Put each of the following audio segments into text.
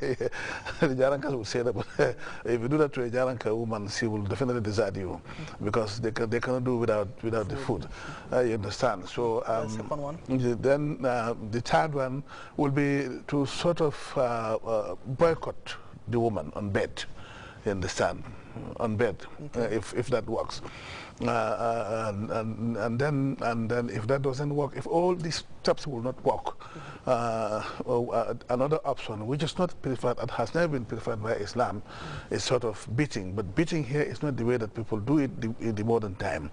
Jarankas will say that, if you do that to a Jaranka woman, she will definitely desert you because they, can, they cannot do without without the food. Uh, you understand? So um, the one. Then uh, the third one will be to sort of uh, uh boycott the woman on bed. You understand? On bed, okay. Uh, if if that works and, uh, and, uh, um, um, and, then, and then if that doesn't work, if all these steps will not work, uh, well, another option, which is not preferred and has never been preferred by Islam, is sort of beating. But beating here is not the way that people do it the, in the modern time.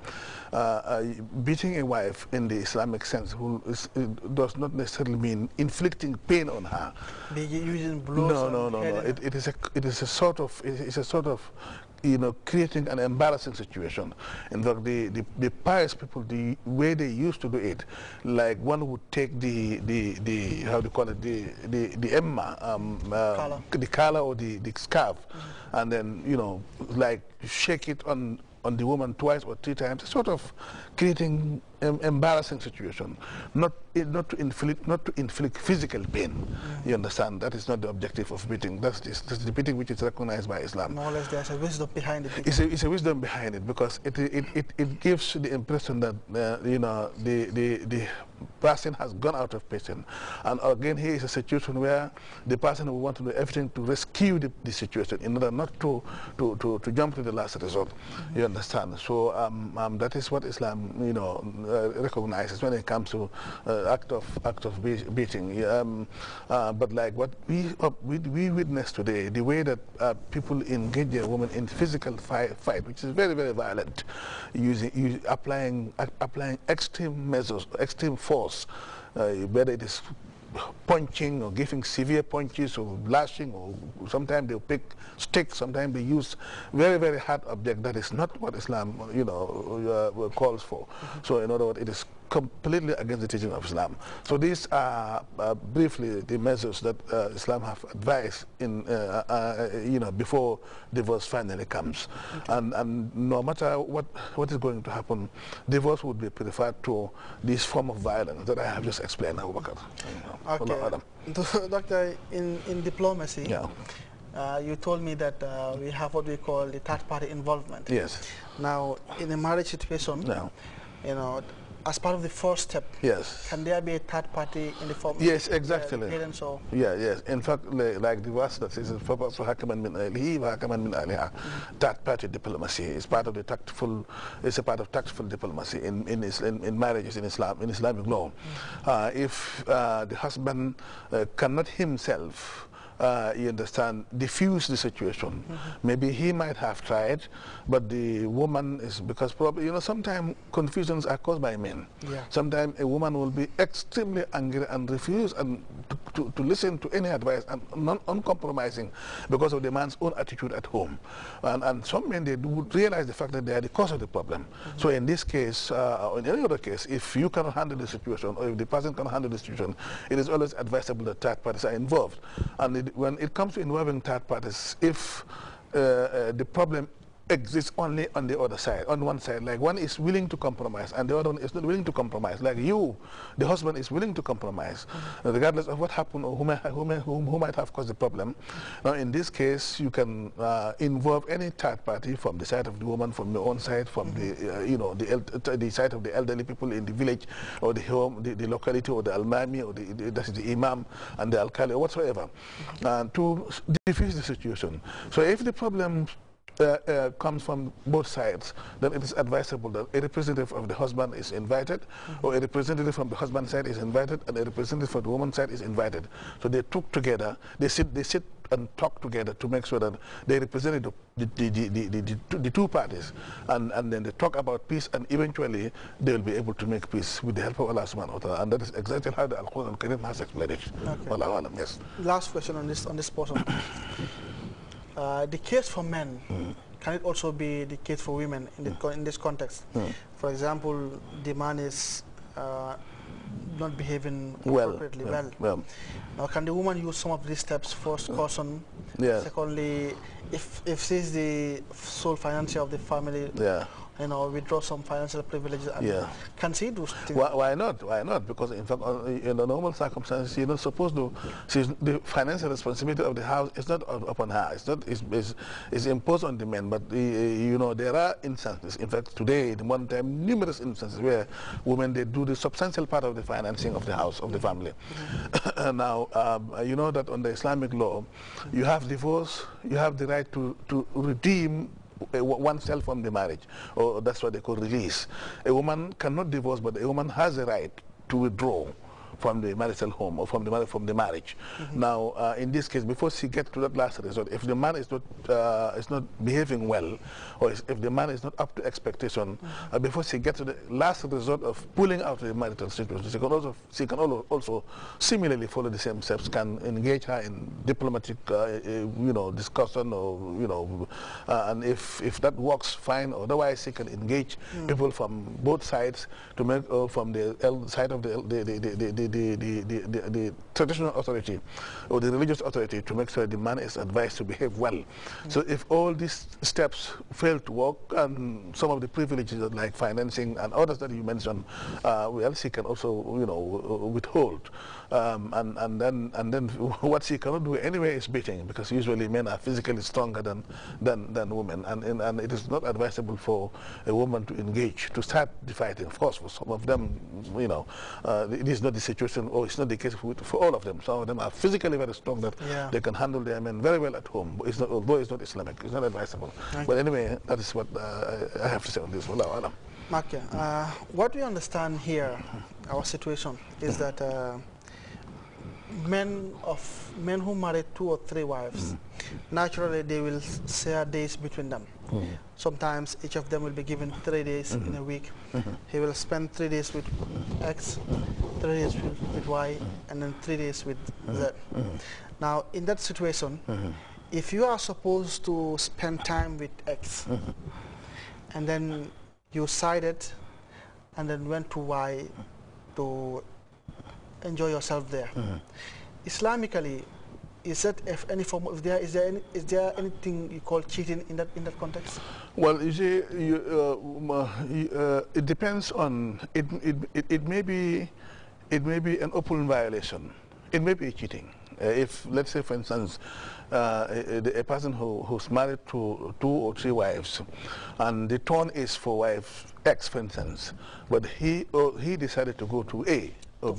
beating a wife in the Islamic sense is, does not necessarily mean inflicting pain on her. Using blows no, no, no, no. It, it is a it is a sort of it is a sort of you know, creating an embarrassing situation. In fact, the, the, the pious people, the way they used to do it, like one would take the, the, the how do you call it, the, the, the emma, um, uh, um, color. the color or the, the scarf, mm -hmm. and then, you know, like shake it on, on the woman twice or three times, sort of creating embarrassing situation, not, eh, not, to inflict, not to inflict physical pain. You understand? That is not the objective of beating. That's, that's the beating which is recognized by Islam. More or less, there's a wisdom behind it. It's a, it's a, wisdom behind it because it, it, it, it gives the impression that, uh, you know, the, the, the person has gone out of patience. And again, here is a situation where the person will want to do everything to rescue the, the situation in order not to, to, to, to jump to the last resort. Mm -hmm. You understand? So um, um, that is what Islam, you know, uh, recognizes when it comes to uh, act of act of be beating. Um, uh, but like what we, uh, we, we witness today, the way that uh, people engage a woman in physical fi fight, which is very very violent, using, using applying applying extreme measures, extreme force, uh, whether it is punching or giving severe punches or lashing or sometimes they pick sticks, sometimes they use very, very hard object. That is not what Islam, you know, uh, calls for. Mm -hmm. So in other words, it is completely against the teaching of Islam. So these are uh, briefly the measures that uh, Islam have advised in, uh, uh, you know, before divorce finally comes. Okay. And, and no matter what, what is going to happen, divorce would be preferred to this form of violence that I have just explained, Abu Bakr. You know, okay. Doctor, in, in diplomacy, yeah. Uh, you told me that uh, we have what we call the third party involvement. Yes. Now, in a marriage situation, no. you know, as part of the first step. Yes. Can there be a third party in the form? Yes, uh, exactly. parents or? Yeah, yes. In fact, like the verse that says, "Hakaman min alihi, hakaman min aliha." Mm-hmm. Third party diplomacy is part of the tactful. It's a part of tactful diplomacy in in, in, in marriages in Islam in Islamic law. Mm. Uh, if uh, the husband uh, cannot himself uh, you understand, diffuse the situation. Mm -hmm. Maybe he might have tried, but the woman is because probably, you know, sometimes confusions are caused by men. Yeah. Sometimes a woman will be extremely angry and refuse and to, to, to listen to any advice and non uncompromising because of the man's own attitude at home. And, and some men, they do realize the fact that they are the cause of the problem. Mm -hmm. So in this case, uh, or in any other case, if you cannot handle the situation or if the person cannot handle the situation, it is always advisable that third parties are involved. And when it comes to involving third parties, if uh, uh the problem exists only on the other side, on one side. Like one is willing to compromise and the other one is not willing to compromise. Like you, the husband is willing to compromise, mm -hmm. regardless of what happened or who, may, who, may, who, who, might have caused the problem. Now, in this case, you can uh, involve any third party from the side of the woman, from your own side, from mm -hmm. the, mm-hmm. uh, you know, the, the side of the elderly people in the village or the home, the, the locality or the almami or the, the, that's the imam and the alkali or whatsoever, mm -hmm. uh, to diffuse the situation. So if the problem uh, uh, comes from both sides, then it is advisable that a representative of the husband is invited, mm -hmm. or a representative from the husband side is invited, and a representative from the woman side is invited. So they talk together, they sit, they sit and talk together to make sure that they represent the, the, the, the, two parties and, and then they talk about peace and eventually they will be able to make peace with the help of Allah subhanahu wa ta'ala and that is exactly how the Al-Quran al-Karim has explained it. Okay. Yes. Last question on this, on this portion. Uh, the case for men, mm. can it also be the case for women in, mm. in this context? Mm. For example, the man is uh, not behaving well, appropriately well. well. Now, can the woman use some of these steps first, caution? Yeah. Secondly, if, if she's the sole financier of the family, yeah you know, withdraw some financial privileges and yeah. concede those things. Why, why, not? Why not? Because in fact, uh, in the normal circumstances, you're not supposed to. the financial responsibility of the house is not upon her. It's not. It's, it's, it's imposed on the men. But uh, you know, there are instances. In fact, today, in one time, numerous instances where women they do the substantial part of the financing of the house of the family. now, um, you know that under Islamic law, you have divorce. You have the right to to redeem oneself from the marriage. Or that's what they call release. A woman cannot divorce, but a woman has a right to withdraw from the marital home or from the, from the marriage. Mm -hmm. Now, uh, in this case, before she gets to that last resort, if the man is not, uh, is not behaving well or if the man is not up to expectation, mm -hmm. uh, before she gets to the last resort of pulling out the marital situation, she can also, she can also similarly follow the same steps, can engage her in diplomatic, uh, eh, eh, you know, discussion or, you know, uh, and if, if that works, fine. Otherwise, she can engage mm -hmm. people from both sides to make, uh, from the side of the, the, the, the the, the, the, the, traditional authority or the religious authority to make sure the man is advised to behave well. Mm. So if all these steps fail to work and um, some of the privileges like financing and others that you mentioned, uh, we also can also, you know, uh, withhold. Um, and, and, then, and then what she cannot do anyway is beating because usually men are physically stronger than, than, than women. And, and, and it is not advisable for a woman to engage, to start the fighting. Of course, for some of them, you know, uh, it is not the situation or it's not the case for, for all of them. Some of them are physically very strong that yeah. they can handle their men very well at home, it's not, although it's not Islamic. It's not advisable. Okay. But anyway, that is what uh, I have to say on this. Wallahu Makia, uh, what we understand here, our situation, is that uh, men of men who marry two or three wives, mm. naturally they will share days between them. Mm. Sometimes each of them will be given three days mm -hmm. in a week. -hmm. He will spend three days with X, three days with, with Y, and then three days with Z. Mm-hmm. Mm-hmm. Now, in that situation, if you are supposed to spend time with X, and then you sided, and then went to Y to enjoy yourself there. Mm. Islamically, is that if any form of there is there any, is there anything you call cheating in that in that context? Well, you see, you, uh, uh, uh, it depends on it, it, it. It may be it may be an open violation. It may be cheating. Uh, if let's say, for instance, uh, a, a, person who who's married to two or three wives, and the turn is for wife X, for instance, but he uh, he decided to go to A for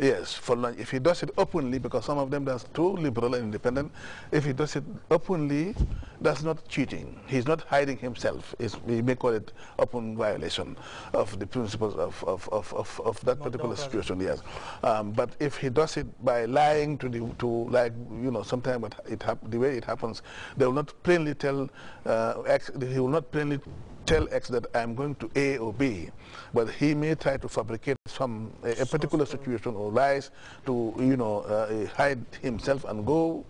Yes, for lunch. If he does it openly, because some of them that's too liberal and independent, if he does it openly, that's not cheating. He's not hiding himself. It's, we may call it open violation of the principles of, of, of, of, of that particular situation, yes. Um, but if he does it by lying to the, to like, you know, sometimes it, it the way it happens, they will not plainly tell, uh, he will not plainly tell X that I'm going to A or B, but he may try to fabricate some a, a particular situation or lies to you know uh, hide himself and go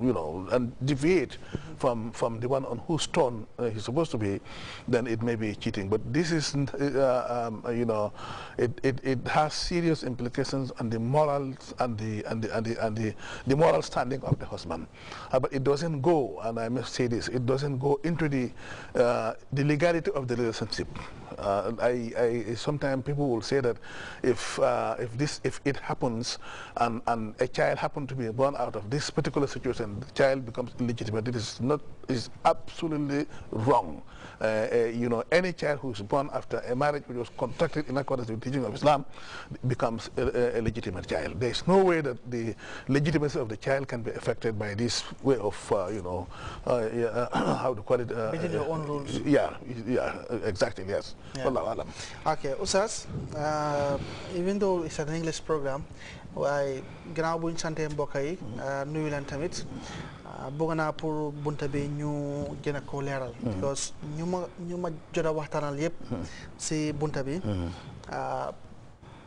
you know, and deviate from, from the one on whose turn uh, he's supposed to be, then it may be cheating. But this is, uh, um, uh, you know, it, it, it has serious implications on the morals and the, and the, and the, and the, the moral standing of the husband. Uh, but it doesn't go, and I must say this, it doesn't go into the, uh, the legality of the relationship. Uh, I, I sometimes people will say that if if this if it happens and and a child happened to be born out of this particular dangerous situation, the child becomes illegitimate. It is not is absolutely wrong. Uh, uh, you know, any child who is born after a marriage which was contracted in accordance with the teaching of Islam becomes a, a, legitimate child. There is no way that the legitimacy of the child can be affected by this way of, uh, you know, uh, how to call it. Uh, Within your own rules. Uh, yeah, yeah, exactly, yes. Yeah. Okay, Usas, even though it's an English program, I, gannaaw bu ñu santee mbokk yi tamit ah, bëgg naa pour bunta bi ñu gën a koo leeral hmm. because ñu ma ñu ma jot a waxtaanal yëpp hmm. si bunta bi hmm. ah,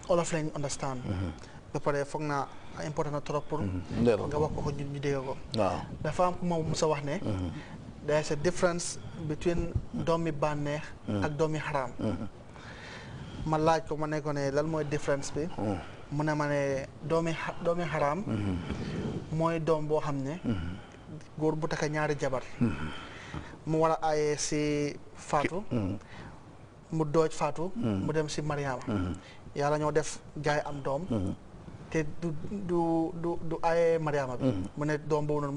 olof lañ understand ba pare foog naa important na trop pour nga wax ko ñu dégg ko dafa am ku ma musa wax ne there is difference between doomi bànneex ak doomi xaraam ma laaj ko ma ne ne lan mooy différence bi mu ne ma ne doomi xaraam mooy doom boo xam ne góor bu takka ñaari jabar mu war a aye si faatu mm-hmm. mu dooj faatu mm-hmm. mu dem si mariama mm-hmm. yàlla ñoo def jaay am doom te du du du du aye mariama bi mu ne doom boo noonu